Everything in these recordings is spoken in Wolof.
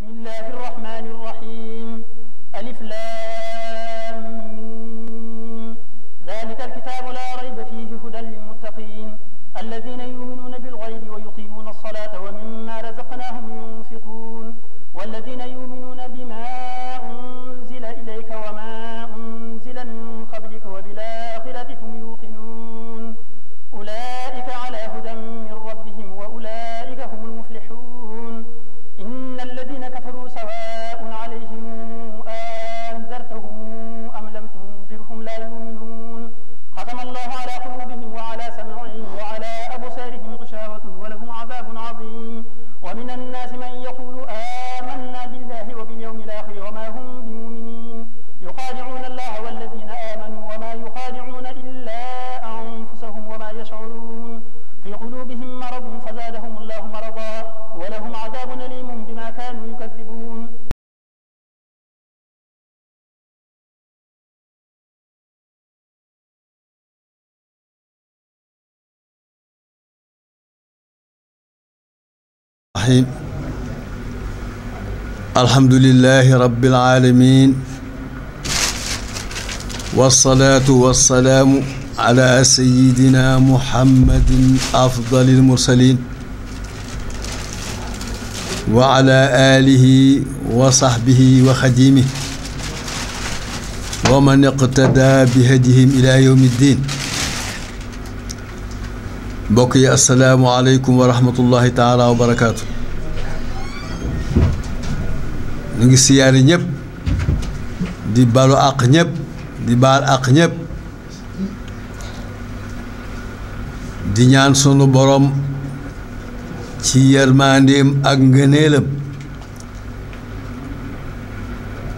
bismillahi الرحيم الحمد لله رب العالمين والصلاة والسلام على سيدنا محمد أفضل المرسلين وعلى آله وصحبه وخديمه ومن اقتدى بهديهم إلى يوم الدين mbokk yi assalaamu aleykum wa rahmatullahi taala wa barakaatu ñu ngi siyaare ñëpp di balu àq ñëpp di baal àq ñëpp di ñaan sunu borom ci yërmandeem ak ngëneelam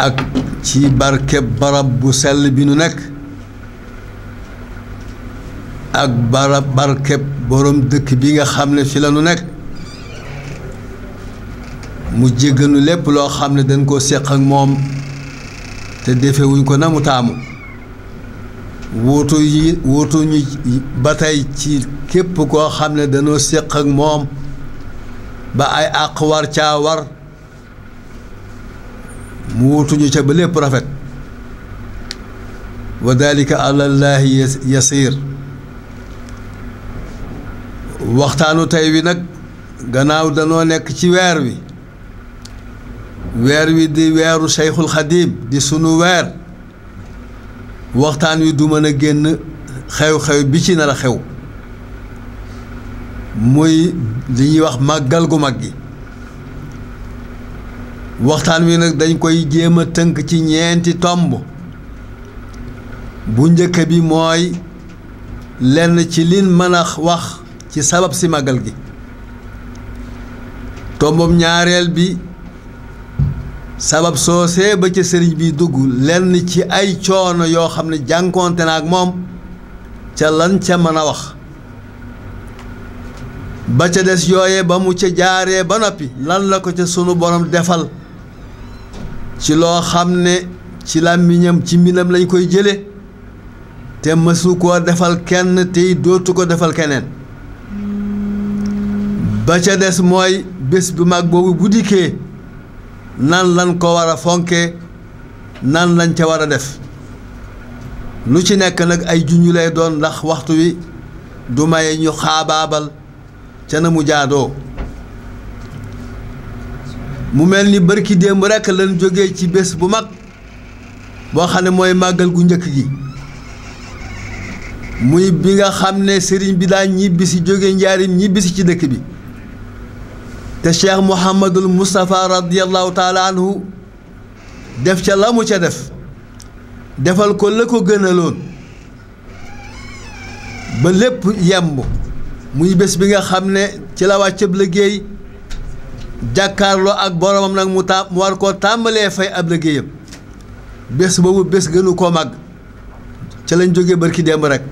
ak ci barkeb barab bu sell bi nu nekk ak barab barkeb borom dëkk bi nga xam ne fi la nekk mu jégganu lépp loo xam ne dañ koo séq ak moom te defewuñ ko na mu taamu wuutu yi wuutuñu ba tey ci képp koo xam ne dañoo séq ak moom ba ay àq war caa war mu wuutuñu ca ba lépp rafet wa dalika alallaahi yasiir waxtaanu tey wi nag gannaaw danoo nekk ci weer wi weer wi di weeru Cheikhul Khadim di sunu weer waxtaan wi du mën a génn xew-xew bi ci nar a xew muy li ñuy wax màggal gu mag gi waxtaan wi nag dañ koy jéem a tënk ci ñeenti tomb bu njëkk bi mooy lenn ci liñ mën a wax ci sabab ci màggal gi tombam ñaareel bi sabab soosee ba ca sëriñ bi dugg lenn ci ay coono yoo xam ne jànkoonte na ak moom ca lan ca mën wax ba ca des yooye ba mu ca jaaree ba noppi lan la ko ca sunu borom defal ci loo xam ne ci làmmiñam ci mbindam lañ koy jële te mësu koo defal kenn tey dootu ko defal keneen ba ca des mooy bés bu mag boobu bu dikkee nan lan ko war a fonke nan lañ ca war a def lu ci nekk nag ay junj lay doon ndax waxtu wi du maye ñu xaabaabal ca na mu jaadoo mu mel ni bërki démb rekk lañ jógee ci bés bu mag boo xam ne mooy màggal gu njëkk gi muy bi nga xam ne sëriñ bi daa ñibbisi jóge njaarim ñibbisi ci dëkk bi te cheikh mouhamadul moustapha radiallahu taala anhu def ca la mu ca def defal ko la ko gënaloon ba lépp yemb muy bés bi nga xam ne ci la wàccab liggéey jàkkaarloo ak boromam nag mu war koo tàmbalee fay ab liggéeyam bés boobu bés gënu koo màgg ca lañ jógee ki démb rekk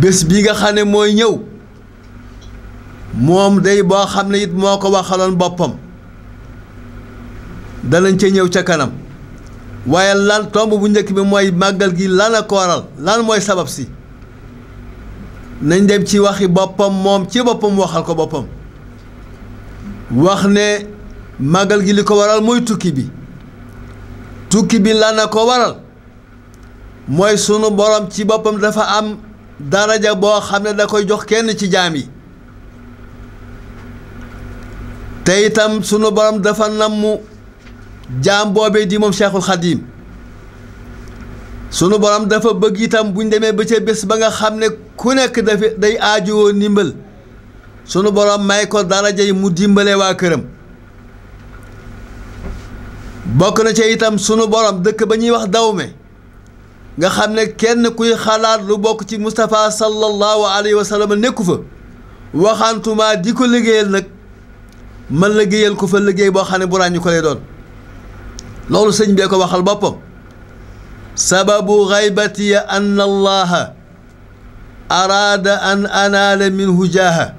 bés bi nga xam ne mooy ñëw moom day boo xam ne it moo ko waxaloon boppam danañ ca ñëw ca kanam waaye lan tomb bu njëkk bi mooy màggal gi lan ko waral lan mooy sabab si nañ dem ci waxi boppam moom ci boppam waxal ko boppam wax ne màggal gi li ko waral mooy tukki bi tukki bi lan ko waral mooy sunu borom ci boppam dafa am daraja boo xam ne da koy jox kenn ci jaam yi te itam sunu borom dafa namm jaam boobee di moom Cheikhul Khadim sunu borom dafa bëgg itam buñ demee ba ca bés ba nga xam ne ku nekk dafa day aajowoo ndimbal sunu borom may ko daraja mu dimbale waa këram bokk na ca itam sunu borom dëkk ba ñuy wax dawme nga xam ne kenn kuy xalaat lu bokk ci Moustapha sallallahu alayhi wa sallam nekku fa waxantuma di ko liggéeyal nag. man liggéeyal ko fa liggéey boo xam ne bu ràññu ko doon loolu sëñ bee ko waxal boppam sababu gaybatiya anna allaha araada an anaala minhu jaaha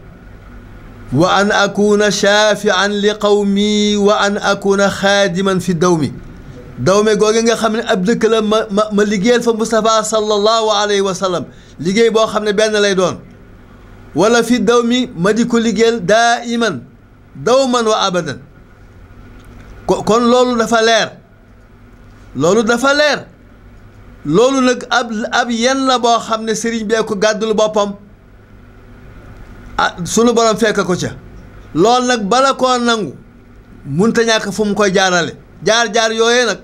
wa an akuna shaafian li qawmi wa an akuna xaadiman fi dawmi dawme googe nga xam ne ab dëkk la ma ma fa Moustapha sallallahu alayhi wa sallam liggéey boo xam ne benn lay doon wala fi dawmi ma di ko liggéeyal daa dawman wa abadan kon loolu dafa leer loolu dafa leer loolu nag ab ab yen la boo xam ne sëriñ bee ko gàddul boppam ah sunu borom fekk ko ca loolu nag bala koo nangu munta ñàkk fu mu koy jaarale jaar-jaar yooyee nag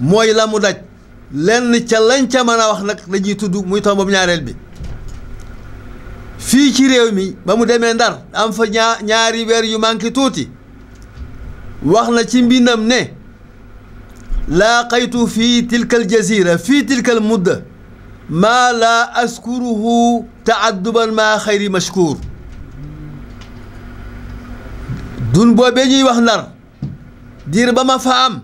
mooy la mu daj lenn ca lañ ca mën a wax nag la ñuy tudd muy tombam ñaareel bi fii ci réew mi ba mu demee ndar am fa ñaa weer yu manqué tuuti wax na ci mbindam ne laaqaytu fii tilka al jazira fii tilka al mudda maa laa askuruhu taadduban maa xayri mashkur dun boobee ñuy wax ndar diir ba ma fa am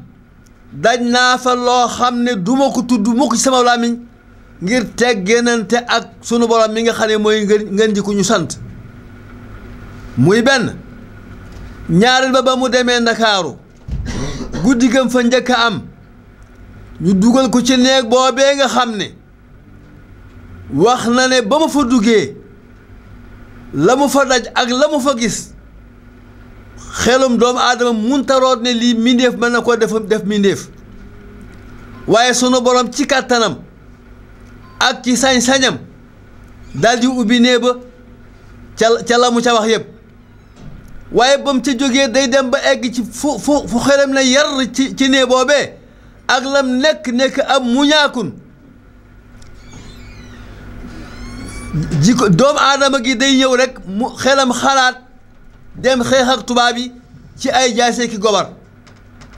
daj naa fa loo xam ne duma ko tudd mukk ci sama làmmiñ ngir teggenante ak sunu borom mi nga xam mooy ngeen di ku ñu sant muy benn ñaareel ba ba mu demee ndakaaru guddi gëm fa njëkk am ñu dugal ko ci neeg boobee nga xam ne wax na ne ba mu fa duggee la mu fa daj ak la fa gis xelum doomu aadama muntaroot ne lii mbindéef mën na ko def def mbindéef waaye sunu borom ci kàttanam ak ci sañ-sañam daal di ubbi nee ca ca la mu ca wax yëpp waaye ba mu ca jógee day dem ba egg ci fu xelam na yar ci ci nee ak ak lam nekk nekk am muñaakun jiko doomu aadama gi day ñëw rekk mu xelam xalaat dem xeexak ak tubaab yi ci ay jaasee ki gobar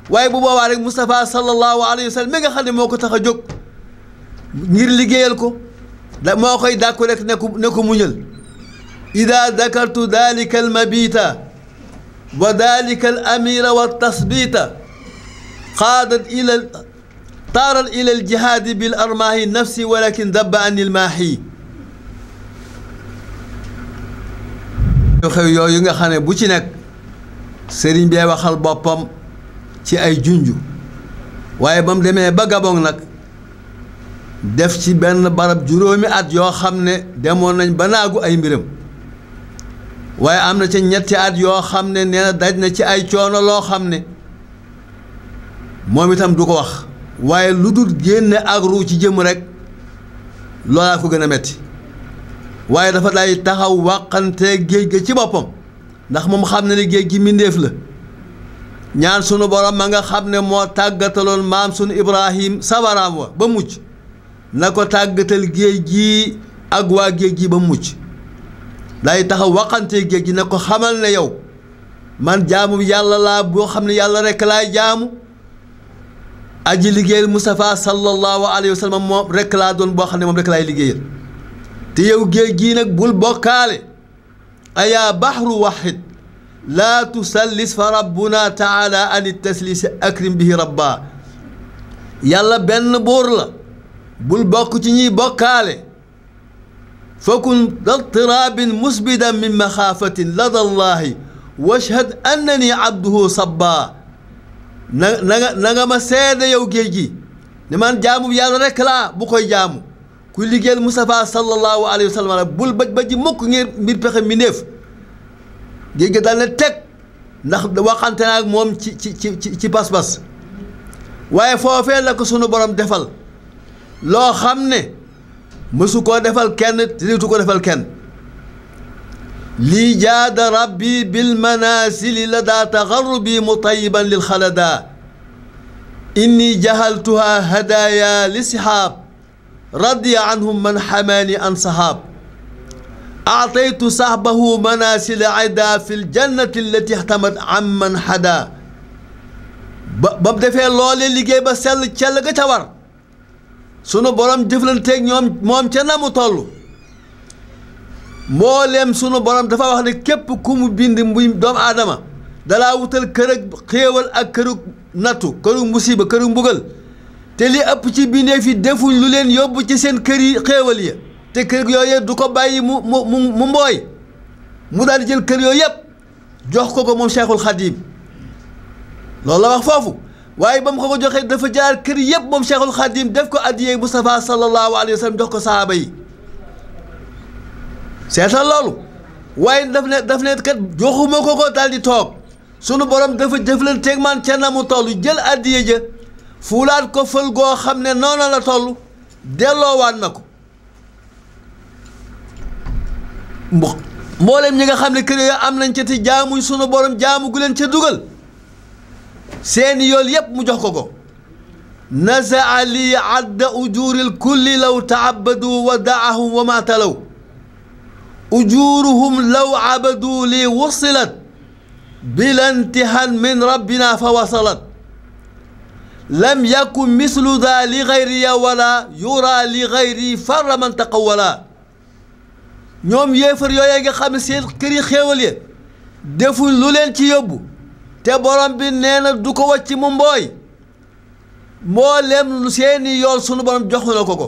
waaye bu boobaa rek Moustapha sallallahu alayhi wa sallam mi nga ne moo ko tax a jóg ngir liggéeyal ko da moo koy dàkku rek ne ko ne ko muñal ida dakartu dalika almabita wa dalika al amira wa tasbita qaadat ila taaral ila aljihaadi bil armaahi nafsi walakin dabba an ilmaahi xew yooyu nga xam ne bu ci nekk sëriñ bee waxal boppam ci ay junj waaye ba mu demee ba Gabon nag def ci benn barab juróomi at yoo xam ne demoon nañ banaagu ay mbiram waaye am na ca ñetti at yoo xam ne nee daj na ci ay coono loo xam ne moom itam du ko wax waaye lu dul génne ak ruu ci jëm rekk loolaa ko gën a metti waaye dafa day taxaw wàqante géej ga ci boppam ndax moom xam ne ne géej gi mbindéef la ñaan sunu borom ma nga xam ne moo tàggataloon maam sunu Ibrahim sabaraam wa ba mucc na ko tàggatal géej gi ak waa géej gi ba mucc day taxaw waxante géej gi na ko xamal ne yow man jaamu yàlla laa boo xam ne yàlla rekk laay jaamu aji liggéeyal Mustafa sallallahu alayhi wa sallam rekk laa doon boo xam ne moom rekk laay liggéeyal te yow géej gii nag bul bokkaale ayaa baxru waxid laa tusallis fa rabbuna taala an taslis akrim bihi rabba yàlla benn buur la bul bokk ci ñiy bokkaale fakun daltiraabin musbidan min maxaafatin ladallaahi washhad annani abduhu sabbaa nanga nanga ma seede yow géej gi ne man jaamu yàlla rek laa bu koy jaamu kuy liggéeyal Moustapha sallallahu alayhi wa sallam bul bëj bëj mukk ngir mbir pexe mi néef géej gi daal ne teg ndax waxante naa ak moom ci ci ci ci pas-pas waaye foofee la ko sunu borom defal loo xam ne mësu koo defal kenn ko defal kenn lii jaada rabbi bil manasili la daa taxarrubi mutayiban lil xalada inni jahaltuha hadaya li sihaab radiya anhum man xamaani an sahaab aataytu sahbahu manasila ada fi ljannati allati ihtamat amman xada ba ba mu defee loolee liggéey ba sell cell ga ca war sunu borom jëflanteeg ñoom moom ca na mu toll mbooleem sunu borom dafa wax ne képp ku mu bind muy doomu aadama dala wutal kër ak xéewal ak këru nattu këru musiba këru mbugal te li ëpp ci bindee fi defuñ lu leen yóbbu ci seen kër yi xéewal ya te kër yooyu du ko bàyyi mu mu mbooy mu daal jël kër yooyu yëpp jox ko ko moom Cheikhul Khadim loolu wax foofu waaye ba mu ko ko joxee dafa jaar kër yëpp moom Cheikhul Khadim def ko addiyee Moustapha sallallahu alayhi wa sallam jox ko saaba yi seetal loolu waaye daf ne daf ne kat joxuma ko ko daal di toog sunu borom dafa jëflanteeg man ca na mu toll jël addiye ja fuulaat ko fël goo xam ne noonu la toll delloowaat na ko mboolem ñi nga xam ne kër ya am nañ ca te jaamuñ sunu borom jaamu gu leen ca dugal. seeni yool yépp mu jox ko ko nazaa lii adda ujuuril kulli law taabaduu wa daahum wa matalaw ujuuruhum law abaduu lii wusilat bilantihan min rabbina fa wasalat lam yakun mislu daa li gayriya wala yura li gayri farra man taqawala ñoom yéefar yooyee nga xam ne seen këri xéewal lu leen ci yóbbu te borom bi nee na du ko wàcc mu mbooy mboolem seeni yoon sunu borom jox na ko ko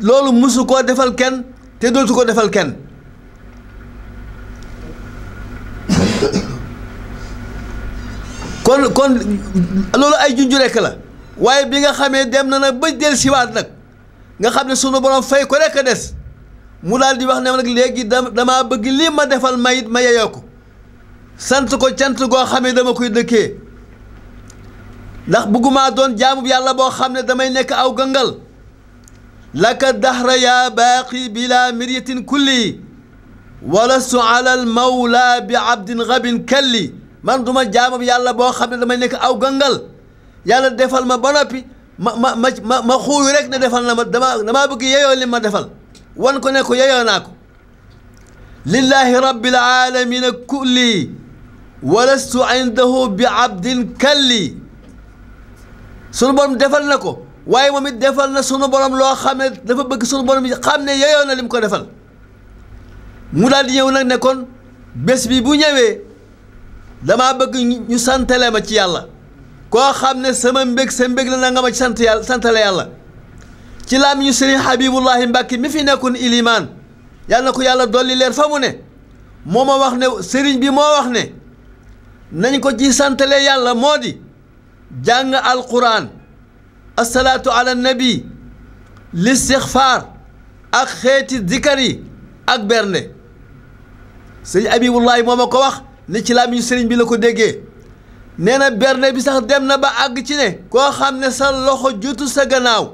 loolu musu koo defal kenn te dootu ko defal kenn kon kon loolu ay junj rekk la waaye bi nga xamee dem na nag ba del siwaat nag nga xam ne sunu borom fay ko rekk des mu daal di wax ne nag léegi dama bëgg lii ma defal mayit ma yeyoo ko sant ko cant goo xam ne dama koy dëkkee ndax bëggumaa doon jaamub yàlla boo xam ne damay nekk aw gëngal laka dahra yaa baaqi bila miryatin kulli wala ala al mawla bi abdin rabin kalli man du jaamub yàlla boo xam ne damay nekk aw gëngal yàlla defal ma ba ma ma ma ma ma rek ne defal na ma dama bëgg ma defal wan ko ne ko yeyoo naa ko lillahi rabbil alamina kulli walastu indahu bi abdin kalli sunu borom defal ne ko waaye moom it defal na sunu borom loo xam ne dafa bëgg sunu borom xam ne yeyoo na lim ko defal mu daal di ñëw nag ne kon bés bi bu ñëwee damaa bëgg ñu santale ma ci yàlla koo xam ne sama mbég sa mbég la na nga ma ci sant yàlla santale yàlla ci laam ñu sëriñ Habibullahi Mbàkke mi fi nekkoon ilimaan yàlla na ko yàlla dolli leer fa mu ne moo ma wax ne sëriñ bi moo wax ne nañu ko ci santale yàlla moo di jàng alquran asalaatu ala nabi listixfaar ak xeeti zikar yi ak bernde sëriñ Abibullahi moo ma ko wax ni ci làmmiñu sëriñ bi la ko déggee nee na bernde bi sax dem na ba àgg ci ne koo xam ne sa loxo jutu sa gannaaw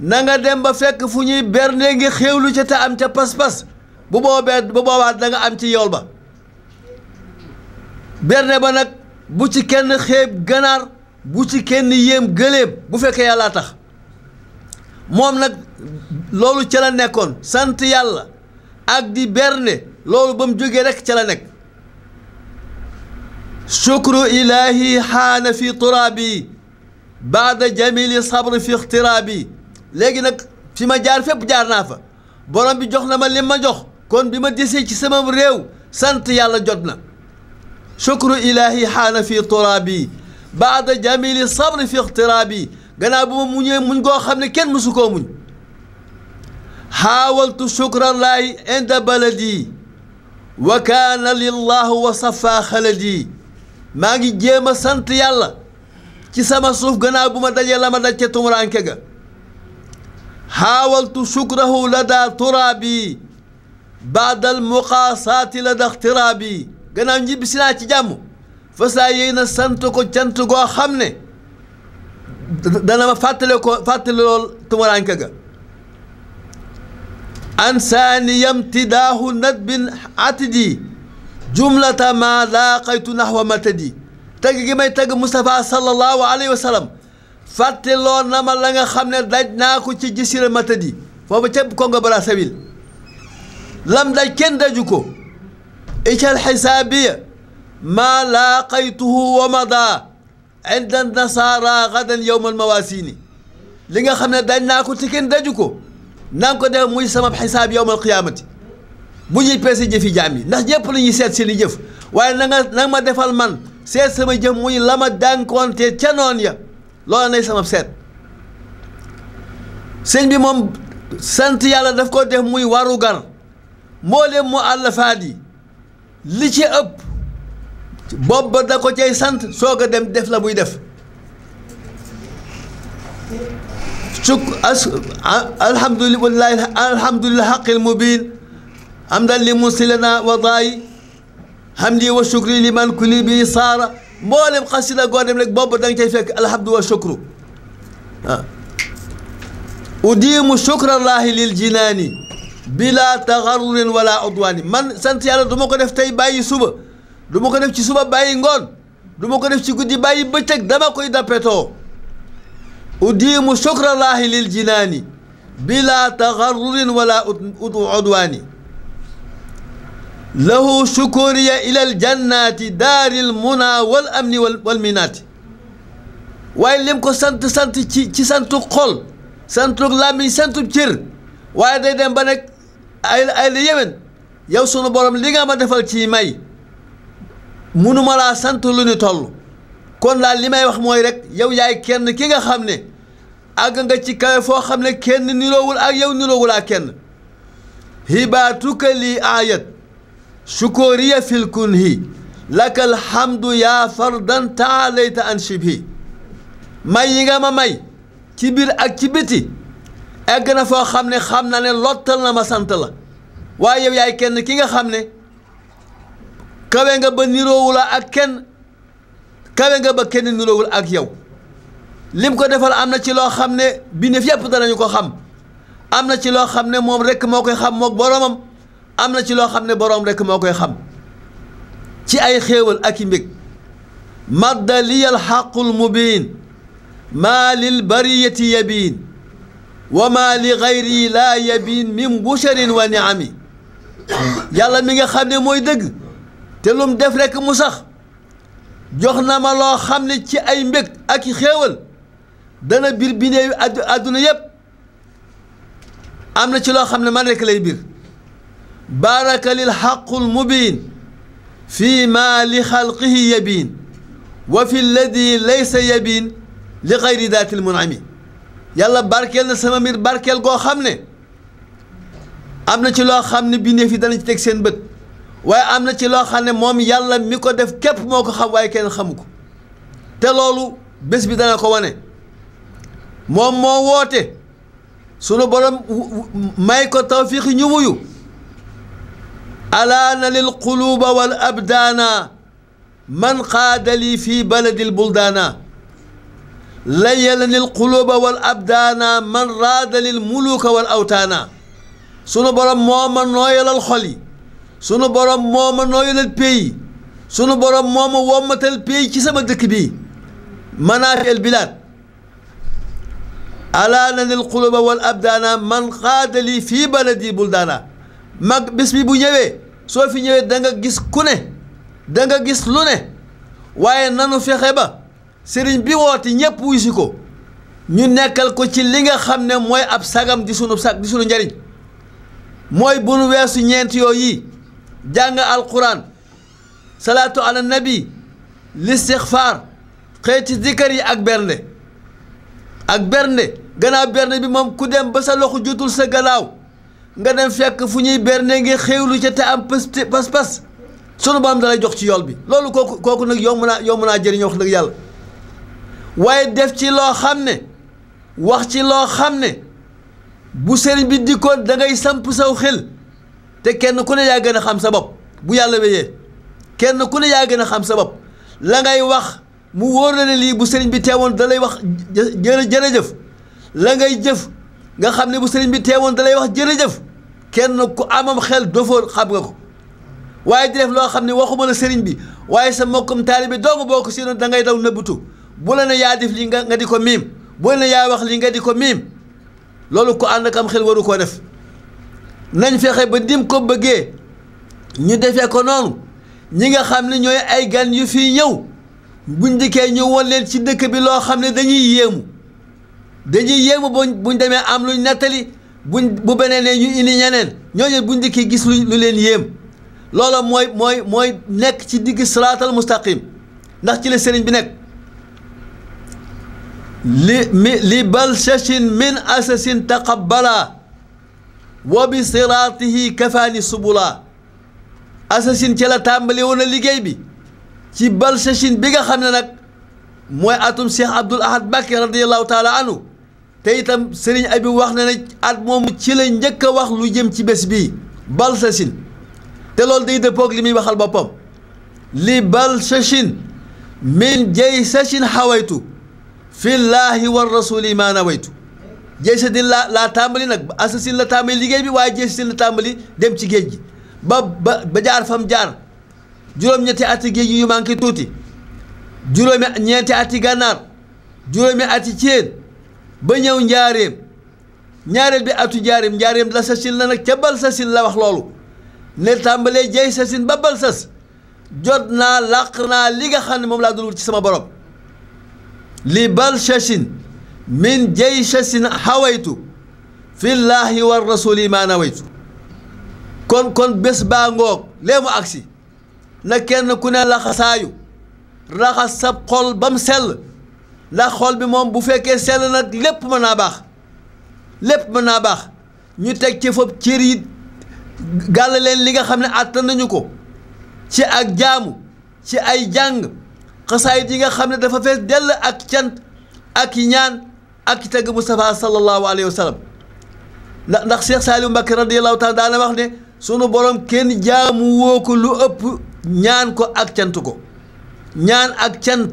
na nga dem ba fekk fu ñuy bernde ngi xéewlu ca te am ca pas-pas bu boobee bu boobaa da am ci yool ba berne ba nag bu ci kenn xeeb ganaar bu ci kenn yéem gëléem bu fekkee yàllaa tax moom nag loolu ca la nekkoon sant yàlla ak di berne loolu ba mu jógee rek ca la nekk shukru ilahi xaana fi turaabi baada jamili sabr fi ixtiraabi léegi nag fi ma jaar fépp jaar naa fa borom bi jox na ma lim ma jox kon bi ma desee ci sama réew sant yàlla jot na shukru ilahi xaana fii turaabi baada jamili sabri fi ixtiraabi gannaaw bu ma muñee muñ goo xam ne kenn mësu koo muñ xaawaltu shukrallaahi inda baladi wa kaana lillahu wa safa xaladi maa ngi jéem a sant yàlla ci sama suuf gannaaw bu ma dajee la ma daj ca tumuraanke ga xaawaltu shukrahu lada turaabi baada almuqaasaati lada ixtiraabi gannaaw njibbi naa ci jàmm fasaa yéy na sant ko cant goo xam ne dana ma fàttale ko fàttale lool tumuraanke ga ansaani yamtidaahu nadbin atidi jumlata ma laaqaytu naxwa matadi tagg gi may tagg Moustapha sallallahu alayhi wa sallam fàtte loo nga xam ne daj naa ko ci jisira matadi foofu ca Congo Brazzaville lam daj kenn daju ko اجا الحسابية ما لاقيته ومضى عند النصارى غدا يوم المواسين li nga xam ne dañ naa ko ci daju ko naa ko def muy sama xisaab yowmal qiyaamati bu ñuy peese jëfi jaam yi ndax ñëpp la ñuy seet si i jëf waaye na nga ma defal man seet sama jëf muy la ma dànkoonte ca ya loola nay sama seet sëñ bi moom sant yàlla daf ko def muy warugar mboolem mu àllafaat yi li ci ëpp boobu da ko cay sant soog a dem def la muy def suk as alhamdulillahi alhamdulillahi haqqil mubin hamdan li musilana wa daay hamdi wa shukri liman kuli bi saara mboolem xasida goo dem rek boobu da nga cay fekk alhamdu wa shukru ah udiimu shukrallahi lil jinaani bila taxarurin wala udwaani man sant yàlla du ko def tey bàyyi suba du ko def ci suba bàyyi ngoon du ko def ci guddi bàyyi bëccëg dama koy dappetoo udiimu shukrallaahi lil jinaani bila taxarurin wala udwaani lahu shukuriya ilal jannaati daaril muna wal amni wal minaati waaye lim ko sant sant ci ci santu xol santu làmmiñ santu cër waaye day dem ba nekk ay ay li yow sunu borom li nga ma defal ci may munuma laa sant lu ñu kon daal li may wax mooy rek yow yaay kenn ki nga xam ne àgg nga ci kawe foo xam ne kenn niroowul ak yow niroowul ak kenn hibaatuka lii aayat sukóoriya fil kunhi lakal hamdu yaa fardan taalayta an shibhi may yi nga ma may ci biir ak ci biti egg na foo xam ne xam na ne lottal na ma sant la waaye yaay kenn ki nga xam ne kawe nga ba niroowul ak kenn kawe nga ba kenn niroowul ak yow lim ko defal am na ci loo xam ne bindéef yépp danañu ko xam am na ci loo xam ne moom rekk moo koy xam mook boroomam am na ci loo xam ne boroom rekk moo koy xam ci ay xéewal ak i mbég madda liya alxaqul mubiin maa lil bariyati yabiin wa ma li gayri laa yabin min busharin wa niami yàlla mi nga xam ne mooy dëgg te lum def rekk mu sax jox na ma loo xam ne ci ay mbég ak xéewal dana bir bindeeyu àdduna yépp am na ci loo xam ne ma rekk lay bir baraka lil xaqul mubiin fii ma li xalqihi yabiin wa fi lladi laysa yabiin li gayri daatil munami yàlla barkeel na sama mbir barkeel goo xam ne am na ci loo xam ne bindeef yi danañ ci teg seen bët waaye am na ci loo xam ne moom yàlla mi ko def képp moo ko xam waaye kenn xamu ko te loolu bés bi dana ko wane moom moo woote sunu borom may ko tawfiq ñu wuyu na lil quluuba wal abdaana man qaadali fii baladil buldaana layyalani alquluuba wal abdaana man raada lil muluuka wal awtaana sunu borom moo ma nooyalal xol sunu borom moo ma nooyalal pays sunu borom moo ma wommatal pays ci sama dëkk bi manaafi al bilaad alaanani alquluuba wal abdaana man xaada li fii baladi buldaana mag bis bu ñëwee soo fi ñëwee da gis ku ne da gis lu ne waaye nanu fexe ba sëriñ bi woote ñëpp wuy ko ñu nekkal ko ci li nga xam ne mooy ab sagam di sunu sag di sunu njariñ mooy bu nu weesu ñeent yooyu yi jàng alquran salaatu ala nabi listixfaar xeet dikkar yi ak bernde ak bernde ganaaw bernde bi moom ku dem ba sa loxo jotul sa gannaaw nga dem fekk fu ñuy bernde ngi xéewlu ca te am pas pas sunu borom dalay jox ci yool bi loolu kooku kooku nag yomb naa yomb naa jëriñoo wax yàlla waaye def ci loo xam ne wax ci loo xam ne bu sëriñ bi dikkoon dangay ngay samp saw xel te kenn ku ne yaa gën a xam sa bopp bu yàlla wéyee kenn ku ne yaa gën a xam sa bopp la ngay wax mu wóor ne lii bu sëriñ bi teewoon dalay wax jërë jërëjëf la ngay jëf nga xam ne bu sëriñ bi teewoon dalay wax jërëjëf kenn ku amam xel dofóor xam nga ko waaye di def loo xam ne waxuma la sëriñ bi waaye sa mokkum taalibe doomu boo ko si noon da ngay daw nëbbutu bu la ne yaa def lii nga nga di ko miim bu la ne yaa wax li nga di ko miim loolu ko ànd ak am xel waru koo def nañ fexe ba dim ko bëggee ñu defee ko noonu ñi nga xam ne ñooy ay gan yu fii ñëw buñ dikkee ñu won leen ci dëkk bi loo xam ne dañuy yéemu dañuy yéemu buñ buñ demee am luñ nettali buñ bu beneen ñu indi ñeneen ñooñu buñ dikkee gis lu leen yéem loolu mooy mooy mooy nekk ci digg siraatal mustaqim ndax ci la sëriñ bi nekk li mi li balshatin min asasin taqabbala wa bi siraatihi kafaani subula asasin ci la tàmbali woon liggéey bi ci bal balshatin bi nga xam ne nag mooy atum Cheikh Abdoul Ahad Mbacké radiallahu taala anhu te itam sëriñ abi wax na at moom ci njëkk a wax lu jëm ci bés bi bii balshatin te loolu day dëppoog li muy waxal boppam li balshatin min jay sachin hawaytu fillaahi wa rasuli ma nawaytu jeysetin laa laa tàmbali nag ba assasin la tàmbali liggéey bi waaye jeysetin la tàmbali dem ci géej gi ba ba ba jaar fam jaar juróom-ñetti ati géej yu tuuti juróomi ñeenti ati gànnaar juróomi ati ceen ba ñëw njaareem ñaareel bi atu njaareem njaareem la sasin la nag ca bal sasin la wax loolu ne tàmbalee jey sasin ba bal jot naa làq naa li nga xam ne moom laa dul wut ci sama borom li balshashin min jayshasin hawaytu fillaahi wa rasuli ma nawaytu kon kon bés baa ngoog lee agsi na kenn ku ne laxasaayu raxas sab xol ba mu sell ndax xol bi moom bu fekkee sell nag lépp mën naa baax lépp mën naa baax ñu teg ci foofu cër yi gàll leen li nga xam ne àttan nañu ko ci ak jaamu ci ay jàng xasaayit yi nga xam ne dafa fees dell ak cant ak i ñaan ak i tagg Moustapha sallallahu alayhi wa sallam ndax ndax Cheikh Saliou Mbacké radiyallahu taala wax ne sunu borom kenn jaamu woo ko lu ëpp ñaan ko ak cant ko ñaan ak cant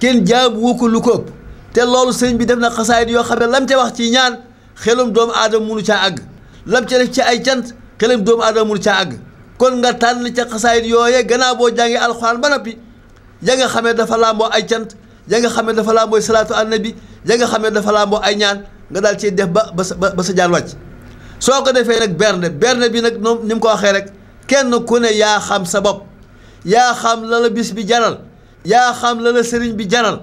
kenn jaamu woo ko lu ko ëpp te loolu sëñ bi def na xasaayit yoo xam ne lam ca wax ci ñaan xelum doomu aadama munu caa àgg lam ca def ci ay cant xelum doomu aadama munu caa àgg kon nga tànn ca xasaayit yooyee gannaaw boo jàngee alxuraan ba ya nga xamee dafa lamboo ay cant ya nga xamee dafa làmbooy salaatu annabi ya nga xamee dafa lamboo ay ñaan nga daal ciy def ba ba sa ba sa wàcc soo ko defee nag bernde bernde bi nag noom ni ko waxee rek kenn ku ne yaa xam sa bopp yaa xam la la bis bi jaral yaa xam la sëriñ bi jaral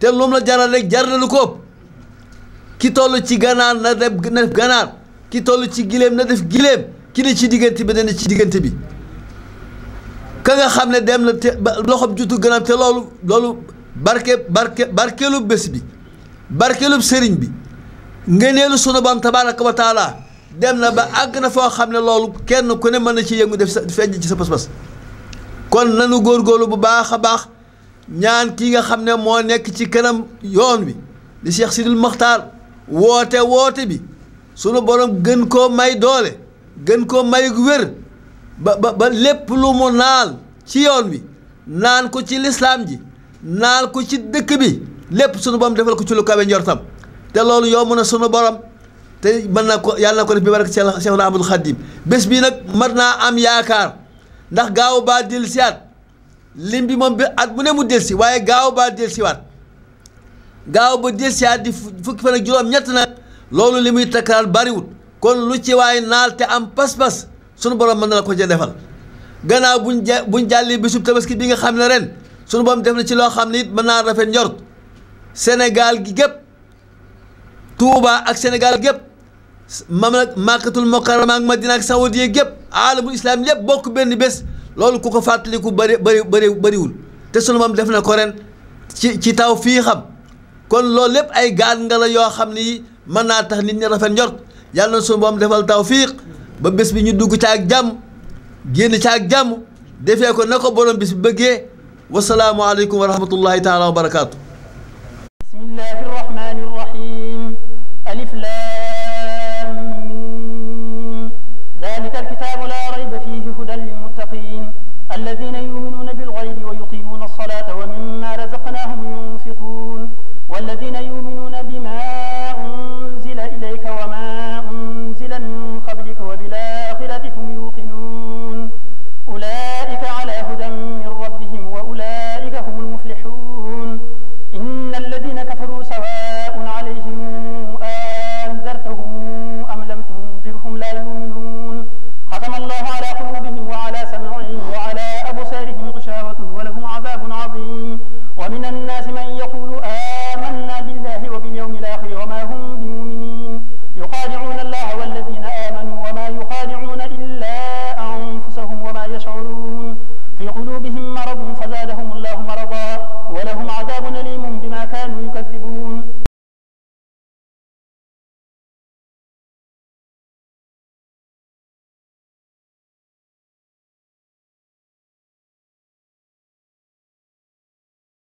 te lu la jaral rek jar na lu ko ëpp ki toll ci ganaar na def na def ganaar ki toll ci gileem na def gileem ki ne ci diggante bi ne ci diggante bi ka xam ne dem na te loxoom jutu gënam te loolu loolu barke barke barkeelub bés bi barkeelub sëriñ bi ngëneelu sunu bam tabaraka wa taala dem na ba àgg na foo xam ne loolu kenn ku ne mën na ci yëngu def sa feeñ ci sa pas-pas kon nanu góor góorgóorlu bu baax a baax ñaan kii nga xam ne moo nekk ci kanam yoon wi li di si Sidil Mokhtar woote woote bi sunu borom gën koo may doole gën koo may wér ba ba ba lépp lu mu naal ci yoon wi naan ko ci lislaam ji naal ko ci dëkk bi lépp sunu borom defal ko ci lu kawe njortam te loolu yomb na sunu borom te mën na ko yàlla na ko def bi barke Cheikh Ahmadou Khadim bés bii nag mën naa am yaakaar ndax gaaw baa dellu siwaat lim bi moom bi at mu ne mu dellu si waaye gaaw baa dellu gaaw ba dellu siwaat di fukki fan ak juróom ñett nag loolu li muy takkaraat bariwul kon lu ci waaye naal te am pas-pas sunu borom mën na ko cee defal gannaaw buñ ja buñ jàllee bisub tabaski bi nga xam ne ren sunu boom def na ci loo xam ne it mën naa rafet njort Sénégal gi gépp Touba ak Sénégal gépp mam nag Makkatul Mukarrama ak Madina ak Saoudiya gépp aalamul islam lépp benn bés loolu ku ko fàttaliku bëri bëri bëri bëriwul te sunu borom def na ko ren ci ci taw fii xam kon loolu lépp ay gaan nga yoo xam ni mën naa tax nit ñi rafet njort yàlla na sunu borom defal tawfiq ba bés bi ñu dugg caag ak jàmm génn ca ak jàmm defee ko na ko borom bis bi bëggee wasalaamualeykum wa rahmatullahi taala wa barakaatu.